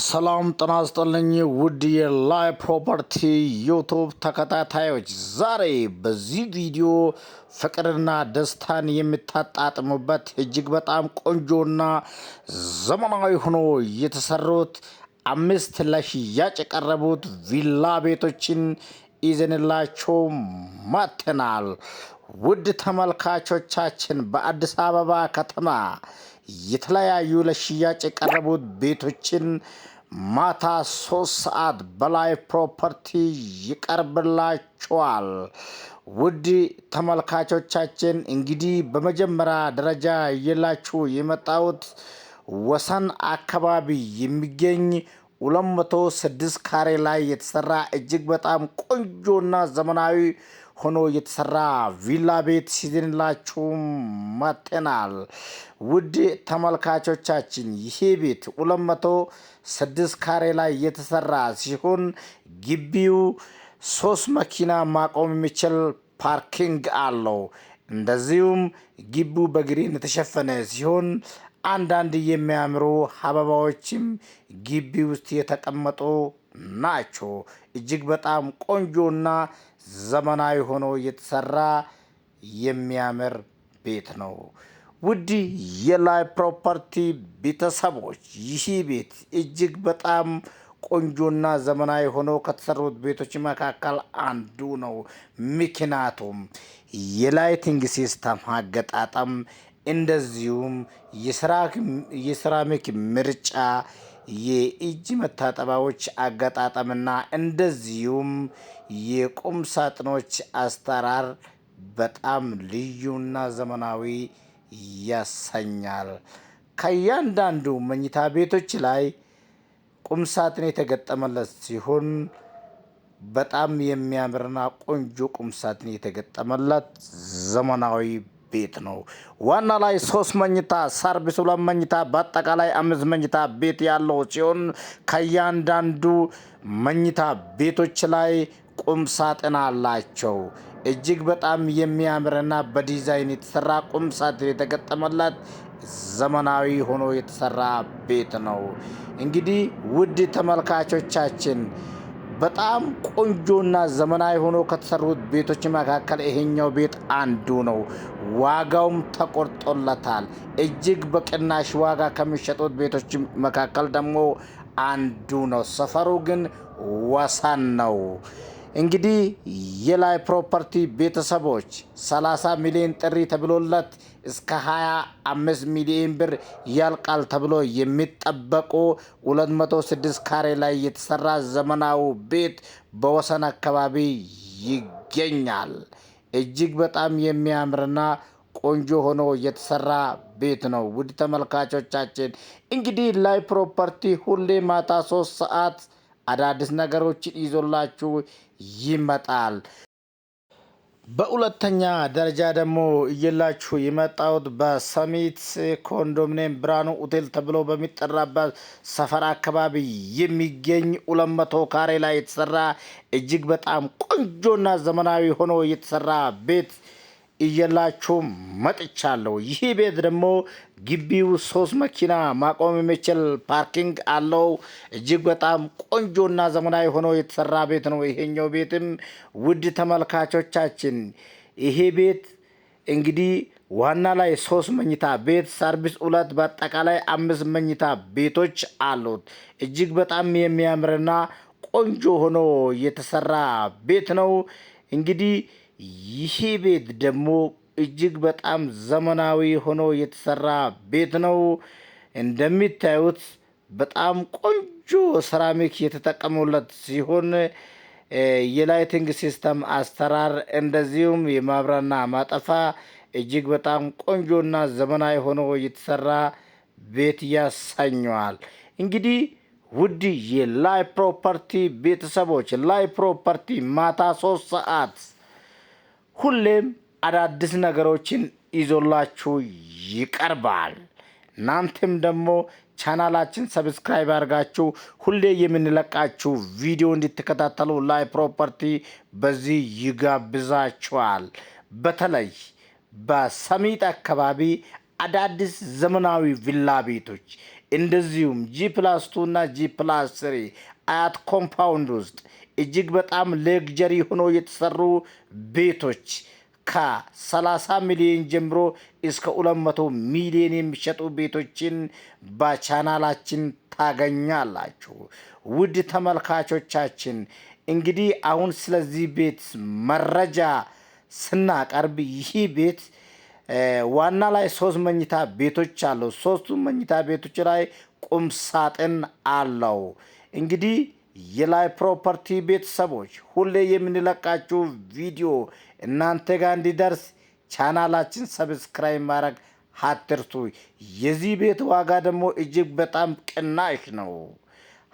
ሰላም ጤና ይስጥልኝ ውድ የላይ ፕሮፐርቲ ዩቱብ ተከታታዮች፣ ዛሬ በዚህ ቪዲዮ ፍቅርና ደስታን የምታጣጥሙበት እጅግ በጣም ቆንጆና ዘመናዊ ሆኖ የተሰሩት አምስት ለሽያጭ የቀረቡት ቪላ ቤቶችን ይዘንላቸው መጥተናል። ውድ ተመልካቾቻችን በአዲስ አበባ ከተማ የተለያዩ ለሽያጭ የቀረቡት ቤቶችን ማታ ሶስት ሰዓት በላይ ፕሮፐርቲ ይቀርብላችኋል። ውድ ተመልካቾቻችን እንግዲህ በመጀመሪያ ደረጃ እየላችሁ የመጣሁት ወሰን አካባቢ የሚገኝ 206 ካሬ ላይ የተሰራ እጅግ በጣም ቆንጆና ዘመናዊ ሆኖ የተሰራ ቪላ ቤት ሲዝንላችሁ መጥተናል። ውድ ተመልካቾቻችን ይሄ ቤት ሁለት ካሬ ላይ የተሰራ ሲሆን ግቢው ሶስት መኪና ማቆም የሚችል ፓርኪንግ አለው። እንደዚሁም ግቢው በግሪን የተሸፈነ ሲሆን አንዳንድ የሚያምሩ አበባዎችም ግቢ ውስጥ የተቀመጡ ናቸው። እጅግ በጣም ቆንጆና ዘመናዊ ሆኖ የተሰራ የሚያምር ቤት ነው። ውድ የላይ ፕሮፐርቲ ቤተሰቦች ይህ ቤት እጅግ በጣም ቆንጆና ዘመናዊ ሆኖ ከተሰሩት ቤቶች መካከል አንዱ ነው። ምክንያቱም የላይቲንግ ሲስተም አገጣጠም እንደዚሁም የሴራሚክ ምርጫ የእጅ መታጠቢያዎች አገጣጠምና እንደዚሁም የቁም ሳጥኖች አስተራር በጣም ልዩና ዘመናዊ ያሰኛል። ከእያንዳንዱ መኝታ ቤቶች ላይ ቁም ሳጥን የተገጠመለት ሲሆን በጣም የሚያምርና ቆንጆ ቁም ሳጥን የተገጠመለት ዘመናዊ ቤት ነው። ዋና ላይ ሶስት መኝታ፣ ሰርቪስ ሁለት መኝታ፣ በአጠቃላይ አምስት መኝታ ቤት ያለው ሲሆን ከእያንዳንዱ መኝታ ቤቶች ላይ ቁም ሳጥን አላቸው። እጅግ በጣም የሚያምርና በዲዛይን የተሰራ ቁም ሳጥን የተገጠመላት ዘመናዊ ሆኖ የተሰራ ቤት ነው። እንግዲህ ውድ ተመልካቾቻችን በጣም ቆንጆና ዘመናዊ ሆኖ ከተሰሩት ቤቶች መካከል ይሄኛው ቤት አንዱ ነው። ዋጋውም ተቆርጦለታል። እጅግ በቅናሽ ዋጋ ከሚሸጡት ቤቶች መካከል ደግሞ አንዱ ነው። ሰፈሩ ግን ወሳን ነው። እንግዲህ የላይ ፕሮፐርቲ ቤተሰቦች 30 ሚሊዮን ጥሪ ተብሎለት እስከ 25 ሚሊዮን ብር ያልቃል ተብሎ የሚጠበቁ 206 ካሬ ላይ የተሰራ ዘመናዊ ቤት በወሰን አካባቢ ይገኛል። እጅግ በጣም የሚያምርና ቆንጆ ሆኖ የተሰራ ቤት ነው። ውድ ተመልካቾቻችን እንግዲህ ላይ ፕሮፐርቲ ሁሌ ማታ ሶስት ሰዓት አዳዲስ ነገሮችን ይዞላችሁ ይመጣል። በሁለተኛ ደረጃ ደግሞ እየላችሁ የመጣሁት በሰሚት ኮንዶሚኒየም ብርሃኑ ሆቴል ተብሎ በሚጠራበት ሰፈር አካባቢ የሚገኝ ሁለት መቶ ካሬ ላይ የተሰራ እጅግ በጣም ቆንጆና ዘመናዊ ሆኖ የተሰራ ቤት እየላችሁ መጥቻለሁ። ይህ ቤት ደግሞ ግቢው ሶስት መኪና ማቆም የሚችል ፓርኪንግ አለው። እጅግ በጣም ቆንጆና ዘመናዊ ሆኖ የተሰራ ቤት ነው። ይሄኛው ቤትም ውድ ተመልካቾቻችን ይሄ ቤት እንግዲህ ዋና ላይ ሶስት መኝታ ቤት ሰርቪስ ሁለት፣ በአጠቃላይ አምስት መኝታ ቤቶች አሉት። እጅግ በጣም የሚያምርና ቆንጆ ሆኖ የተሰራ ቤት ነው እንግዲህ ይህ ቤት ደግሞ እጅግ በጣም ዘመናዊ ሆኖ የተሰራ ቤት ነው። እንደሚታዩት በጣም ቆንጆ ሰራሚክ የተጠቀሙለት ሲሆን የላይቲንግ ሲስተም አሰራር እንደዚሁም የማብራና ማጠፋ እጅግ በጣም ቆንጆና ዘመናዊ ሆኖ የተሰራ ቤት ያሳኘዋል። እንግዲህ ውድ የላይ ፕሮፐርቲ ቤተሰቦች ላይ ፕሮፐርቲ ማታ ሶስት ሰዓት ሁሌም አዳዲስ ነገሮችን ይዞላችሁ ይቀርባል። እናንተም ደግሞ ቻናላችን ሰብስክራይብ አድርጋችሁ ሁሌ የምንለቃችሁ ቪዲዮ እንድትከታተሉ ላይ ፕሮፐርቲ በዚህ ይጋብዛችኋል። በተለይ በሰሚጥ አካባቢ አዳዲስ ዘመናዊ ቪላ ቤቶች እንደዚሁም ጂ ፕላስ ቱ እና ጂ ፕላስ ስሪ አያት ኮምፓውንድ ውስጥ እጅግ በጣም ለግጀሪ ሆኖ የተሰሩ ቤቶች ከ30 ሚሊዮን ጀምሮ እስከ 200 ሚሊዮን የሚሸጡ ቤቶችን በቻናላችን ታገኛላችሁ። ውድ ተመልካቾቻችን እንግዲህ አሁን ስለዚህ ቤት መረጃ ስናቀርብ ይህ ቤት ዋና ላይ ሶስት መኝታ ቤቶች አለው። ሶስቱ መኝታ ቤቶች ላይ ቁም ሳጥን አለው። እንግዲህ የላይ ፕሮፐርቲ ቤተሰቦች ሁሌ የምንለቃችሁ ቪዲዮ እናንተ ጋር እንዲደርስ ቻናላችን ሰብስክራይብ ማድረግ አትርሱ። የዚህ ቤት ዋጋ ደግሞ እጅግ በጣም ቅናሽ ነው።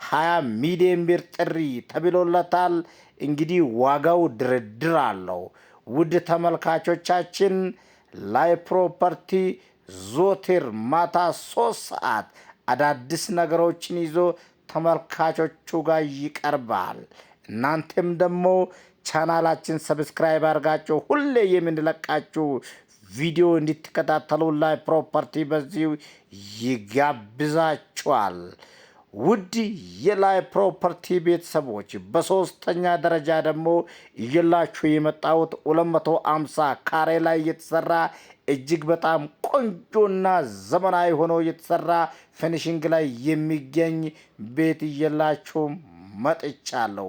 ሀያ ሚሊዮን ብር ጥሪ ተብሎለታል። እንግዲህ ዋጋው ድርድር አለው። ውድ ተመልካቾቻችን ላይ ፕሮፐርቲ ዞቴር ማታ ሶስት ሰዓት አዳዲስ ነገሮችን ይዞ ተመልካቾቹ ጋር ይቀርባል። እናንተም ደግሞ ቻናላችን ሰብስክራይብ አድርጋችሁ ሁሌ የምንለቃችሁ ቪዲዮ እንዲትከታተሉ ላይ ፕሮፐርቲ በዚሁ ይጋብዛችኋል። ውድ የላይ ፕሮፐርቲ ቤተሰቦች በሶስተኛ ደረጃ ደግሞ እየላችሁ የመጣሁት 250 ካሬ ላይ የተሰራ እጅግ በጣም ቆንጆና ዘመናዊ ሆኖ የተሰራ ፊኒሽንግ ላይ የሚገኝ ቤት እየላችሁ መጥቻለሁ።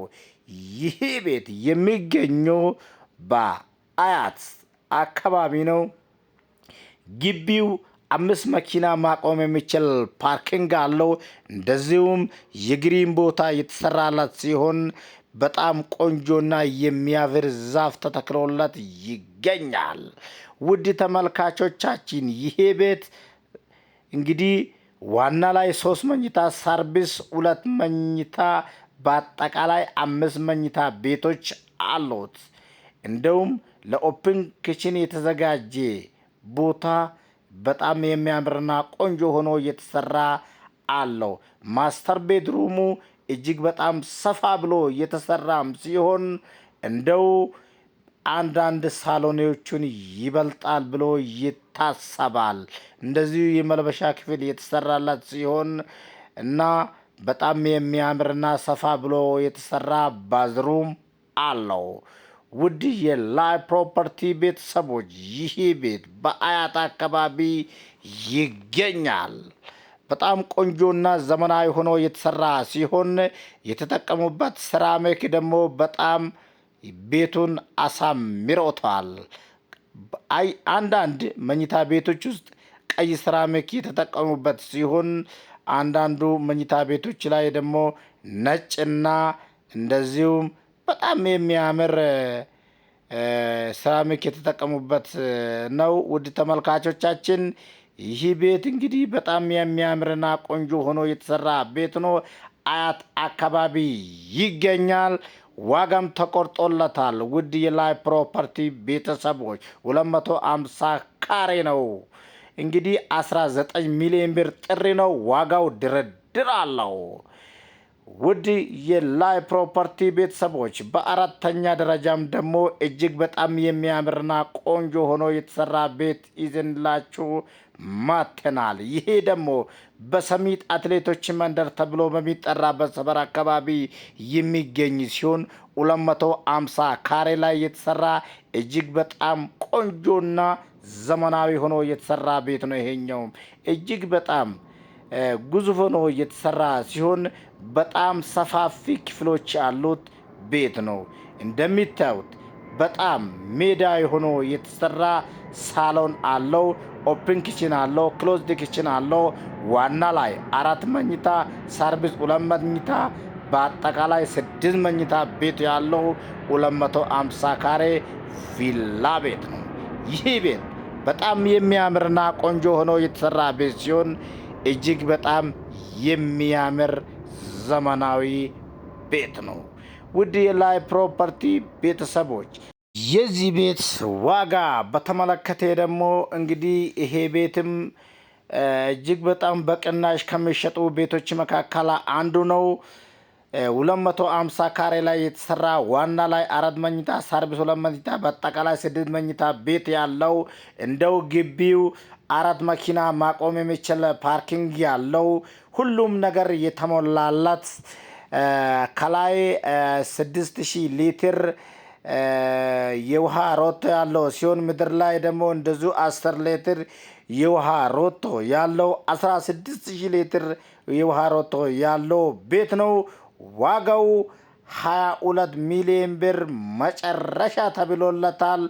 ይህ ቤት የሚገኘው በአያት አካባቢ ነው። ግቢው አምስት መኪና ማቆም የሚችል ፓርኪንግ አለው። እንደዚሁም የግሪን ቦታ የተሰራላት ሲሆን በጣም ቆንጆና የሚያብር ዛፍ ተተክሎለት ይገኛል። ይገኛል። ውድ ተመልካቾቻችን ይሄ ቤት እንግዲህ ዋና ላይ ሶስት መኝታ፣ ሰርቪስ ሁለት መኝታ፣ በአጠቃላይ አምስት መኝታ ቤቶች አሉት። እንደውም ለኦፕን ክችን የተዘጋጀ ቦታ በጣም የሚያምርና ቆንጆ ሆኖ እየተሰራ አለው። ማስተር ቤድሩሙ እጅግ በጣም ሰፋ ብሎ እየተሰራም ሲሆን እንደው አንዳንድ ሳሎኔዎቹን ይበልጣል ብሎ ይታሰባል። እንደዚሁ የመልበሻ ክፍል የተሰራላት ሲሆን እና በጣም የሚያምርና ሰፋ ብሎ የተሰራ ባዝሩም አለው። ውድ የላይ ፕሮፐርቲ ቤተሰቦች ይህ ቤት በአያት አካባቢ ይገኛል። በጣም ቆንጆና ዘመናዊ ሆኖ የተሰራ ሲሆን የተጠቀሙበት ሴራሚክ ደግሞ በጣም ቤቱን አሳምረውታል። አንዳንድ መኝታ ቤቶች ውስጥ ቀይ ሴራሚክ የተጠቀሙበት ሲሆን አንዳንዱ መኝታ ቤቶች ላይ ደግሞ ነጭና እንደዚሁም በጣም የሚያምር ሴራሚክ የተጠቀሙበት ነው። ውድ ተመልካቾቻችን ይህ ቤት እንግዲህ በጣም የሚያምርና ቆንጆ ሆኖ የተሰራ ቤት ነው። አያት አካባቢ ይገኛል። ዋጋም ተቆርጦለታል። ውድ የላይ ፕሮፐርቲ ቤተሰቦች 250 ካሬ ነው እንግዲህ 19 ሚሊዮን ብር ጥሪ ነው። ዋጋው ድርድር አለው። ውድ የላይ ፕሮፐርቲ ቤተሰቦች በአራተኛ ደረጃም ደግሞ እጅግ በጣም የሚያምርና ቆንጆ ሆኖ የተሰራ ቤት ይዘንላችሁ ማተናል። ይሄ ደግሞ በሰሚት አትሌቶች መንደር ተብሎ በሚጠራ በሰበር አካባቢ የሚገኝ ሲሆን 250 ካሬ ላይ የተሰራ እጅግ በጣም ቆንጆና ዘመናዊ ሆኖ የተሰራ ቤት ነው። ይሄኛው እጅግ በጣም ግዙፍ ሆኖ የተሰራ ሲሆን በጣም ሰፋፊ ክፍሎች ያሉት ቤት ነው እንደሚታዩት በጣም ሜዳ የሆኖ የተሰራ ሳሎን አለው። ኦፕን ኪችን አለው። ክሎዝድ ኪችን አለው። ዋና ላይ አራት መኝታ ሰርቪስ ሁለት መኝታ በአጠቃላይ ስድስት መኝታ ቤት ያለው 250 ካሬ ቪላ ቤት ነው። ይህ ቤት በጣም የሚያምርና ቆንጆ ሆኖ የተሰራ ቤት ሲሆን እጅግ በጣም የሚያምር ዘመናዊ ቤት ነው። ውድ የላይ ፕሮፐርቲ ቤተሰቦች የዚህ ቤት ዋጋ በተመለከተ ደግሞ እንግዲህ ይሄ ቤትም እጅግ በጣም በቅናሽ ከሚሸጡ ቤቶች መካከል አንዱ ነው። 250 ካሬ ላይ የተሰራ ዋና ላይ አራት መኝታ ሰርቪስ ሁለት መኝታ በአጠቃላይ ስድስት መኝታ ቤት ያለው እንደው ግቢው አራት መኪና ማቆም የሚችል ፓርኪንግ ያለው ሁሉም ነገር የተሞላላት ከላይ 6000 ሊትር የውሃ ሮቶ ያለው ሲሆን ምድር ላይ ደግሞ እንደዙ 10 ሊትር የውሃ ሮቶ ያለው 16000 ሊትር የውሃ ሮቶ ያለው ቤት ነው። ዋጋው 22 ሚሊዮን ብር መጨረሻ ተብሎለታል።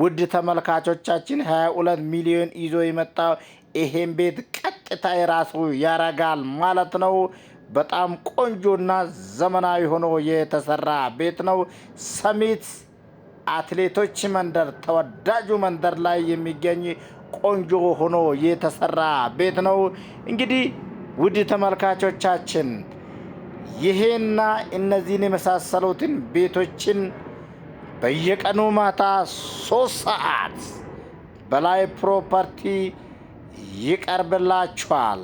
ውድ ተመልካቾቻችን 22 ሚሊዮን ይዞ የመጣው ይሄን ቤት ቀጥታ የራሱ ያረጋል ማለት ነው። በጣም ቆንጆና ዘመናዊ ሆኖ የተሰራ ቤት ነው። ሰሚት አትሌቶች መንደር ተወዳጁ መንደር ላይ የሚገኝ ቆንጆ ሆኖ የተሰራ ቤት ነው። እንግዲህ ውድ ተመልካቾቻችን ይሄና እነዚህን የመሳሰሉትን ቤቶችን በየቀኑ ማታ ሶስት ሰዓት በላይ ፕሮፐርቲ ይቀርብላችኋል።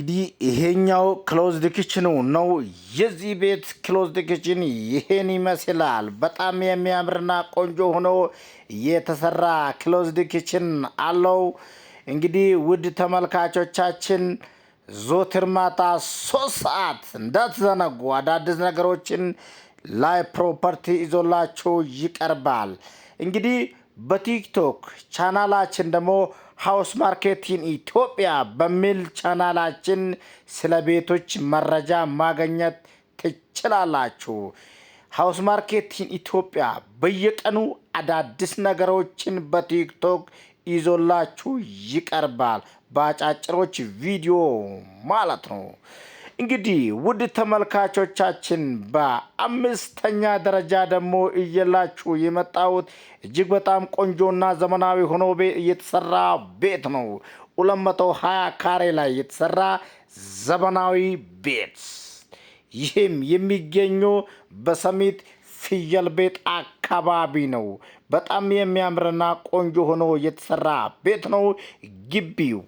እንግዲህ ይሄኛው ክሎዝድ ኪችን ነው። የዚህ ቤት ክሎዝድ ኪችን ይሄን ይመስላል። በጣም የሚያምርና ቆንጆ ሆኖ የተሰራ ክሎዝድ ኪችን አለው። እንግዲህ ውድ ተመልካቾቻችን ዞትር ማታ ሶስት ሰዓት እንዳትዘነጉ፣ አዳዲስ ነገሮችን ላይ ፕሮፐርቲ ይዞላችሁ ይቀርባል። እንግዲህ በቲክቶክ ቻናላችን ደግሞ ሃውስ ማርኬቲን ኢትዮጵያ በሚል ቻናላችን ስለ ቤቶች መረጃ ማግኘት ትችላላችሁ። ሃውስ ማርኬቲን ኢትዮጵያ በየቀኑ አዳዲስ ነገሮችን በቲክቶክ ይዞላችሁ ይቀርባል። በአጫጭሮች ቪዲዮ ማለት ነው። እንግዲህ ውድ ተመልካቾቻችን በአምስተኛ ደረጃ ደግሞ እየላችሁ የመጣሁት እጅግ በጣም ቆንጆና ዘመናዊ ሆኖ እየተሰራ ቤት ነው። 220 ካሬ ላይ የተሰራ ዘመናዊ ቤት ይህም የሚገኘው በሰሚት ፍየል ቤት አካባቢ ነው። በጣም የሚያምርና ቆንጆ ሆኖ የተሰራ ቤት ነው ግቢው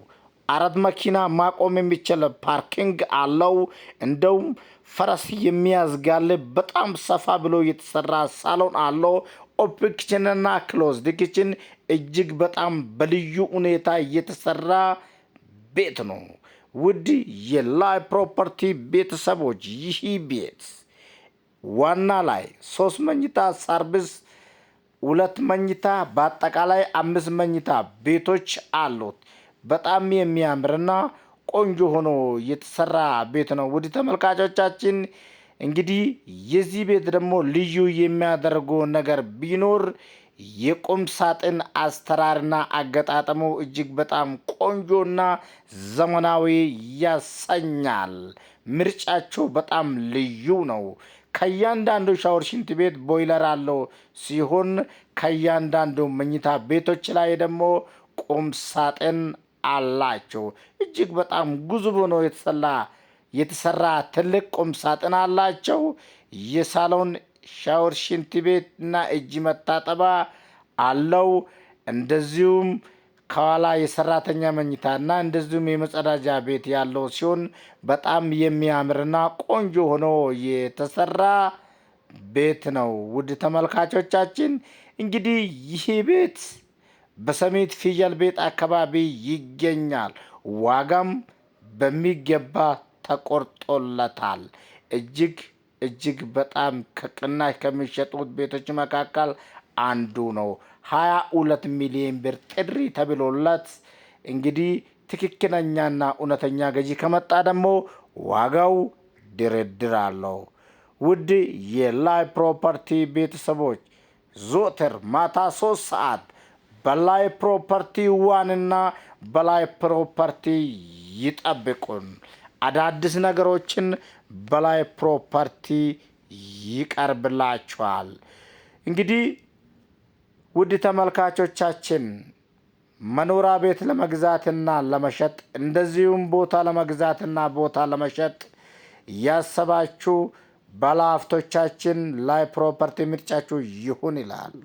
አራት መኪና ማቆም የሚችል ፓርኪንግ አለው። እንደውም ፈረስ የሚያዝጋል በጣም ሰፋ ብሎ የተሰራ ሳሎን አለው። ኦፕን ኪችንና ክሎዝድ ኪችን እጅግ በጣም በልዩ ሁኔታ የተሰራ ቤት ነው። ውድ የላይ ፕሮፐርቲ ቤተሰቦች ይህ ቤት ዋና ላይ ሶስት መኝታ ሰርቪስ ሁለት መኝታ በአጠቃላይ አምስት መኝታ ቤቶች አሉት። በጣም የሚያምርና ቆንጆ ሆኖ የተሰራ ቤት ነው። ውድ ተመልካቾቻችን እንግዲህ የዚህ ቤት ደግሞ ልዩ የሚያደርገው ነገር ቢኖር የቁም ሳጥን አስተራርና አገጣጠሙ እጅግ በጣም ቆንጆና ዘመናዊ ያሰኛል። ምርጫቸው በጣም ልዩ ነው። ከእያንዳንዱ ሻወር፣ ሽንት ቤት ቦይለር አለው ሲሆን ከእያንዳንዱ መኝታ ቤቶች ላይ ደግሞ ቁም ሳጥን አላቸው። እጅግ በጣም ግዙፍ ሆኖ የተሰላ የተሰራ ትልቅ ቁም ሳጥን አላቸው። የሳሎን ሻወር፣ ሽንት ቤት እና እጅ መታጠባ አለው። እንደዚሁም ከኋላ የሰራተኛ እና እንደዚሁም የመጸዳጃ ቤት ያለው ሲሆን በጣም የሚያምርና ቆንጆ ሆኖ የተሰራ ቤት ነው። ውድ ተመልካቾቻችን እንግዲህ ይህ ቤት በሰሚት ፍየል ቤት አካባቢ ይገኛል። ዋጋም በሚገባ ተቆርጦለታል። እጅግ እጅግ በጣም ከቅናሽ ከሚሸጡት ቤቶች መካከል አንዱ ነው። ሀያ ሁለት ሚሊዮን ብር ጥሪ ተብሎለት እንግዲህ ትክክለኛና እውነተኛ ገዢ ከመጣ ደግሞ ዋጋው ድርድር አለው። ውድ የላይ ፕሮፐርቲ ቤተሰቦች ዞተር ማታ ሶስት ሰዓት በላይ ፕሮፐርቲ ዋንና በላይ ፕሮፐርቲ ይጠብቁን። አዳዲስ ነገሮችን በላይ ፕሮፐርቲ ይቀርብላችኋል። እንግዲህ ውድ ተመልካቾቻችን መኖሪያ ቤት ለመግዛትና ለመሸጥ እንደዚሁም ቦታ ለመግዛትና ቦታ ለመሸጥ እያሰባችሁ ባለሀብቶቻችን ላይ ፕሮፐርቲ ምርጫችሁ ይሁን ይላል።